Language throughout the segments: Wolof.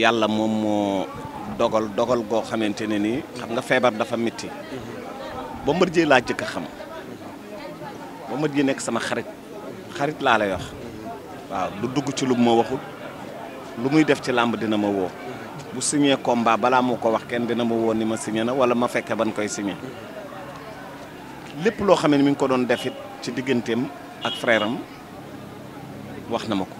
yàlla moom moo dogal dogal goo xamante ne nii xam nga feebar dafa metti ba mbër laa jëkk xam ba mbër nekk sama xarit xarit laa lay wax waaw du dugg ci lu ma waxul lu muy def ci làmb dina ma woo bu signé combat balaa moo ko wax kenn dina ma woo ni ma signé na wala ma fekke ban koy signé lépp loo xam mu ngi ko doon defit ci digganteem ak frère wax na ma ko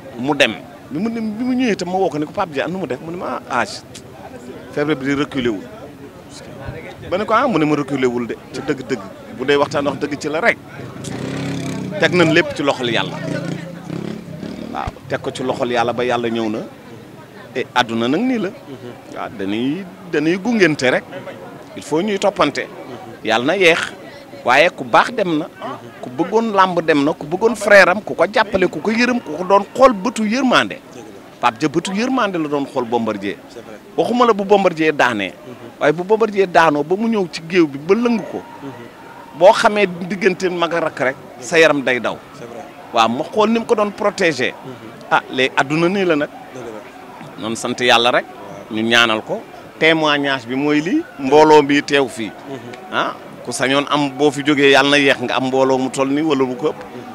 mu dem bi mu ne bi mu ñëwee itam ma woo ko ne ko Pape Dia am mu def mu ne ma ah âge ah, feebar bi di reculé wul ba ne ko ah mu ne ma reculé wul de ci dëgg-dëgg bu dee waxtaan wax dëgg ci la rek teg na lépp ci loxol yàlla waaw teg ko ci loxol yàlla ba yàlla ñëw na e àdduna nag nii la mm-hmm. waaw dañuy dañuy rek il faut ñuy toppante mm-hmm. yàlla na yeex waaye ku baax dem na ku bëggoon làmb dem na ku bëggoon frère am ku ko jàppale ku ko yërëm ku ko doon xool bëtu yërmande Pape Dia bëtu yërmande la doon xool Bombardier waxuma la bu Bombardier daane mhm. waaye bu Bombardier daanoo ba mu ñëw ci géew bi ba lëng ko mhm. boo xamee diggante magarak rek sa yaram day daw waaw ma xool ni ko doon protégé mhm. ah léegi adduna nii la nag noonu sant yàlla rek ñu ñaanal ko ñaas bi mooy lii mbooloo bi teew fii ah, ku sañoon am boo fi jógee yal na yeex nga am mbooloo mu toll nii wala bu ko ëpp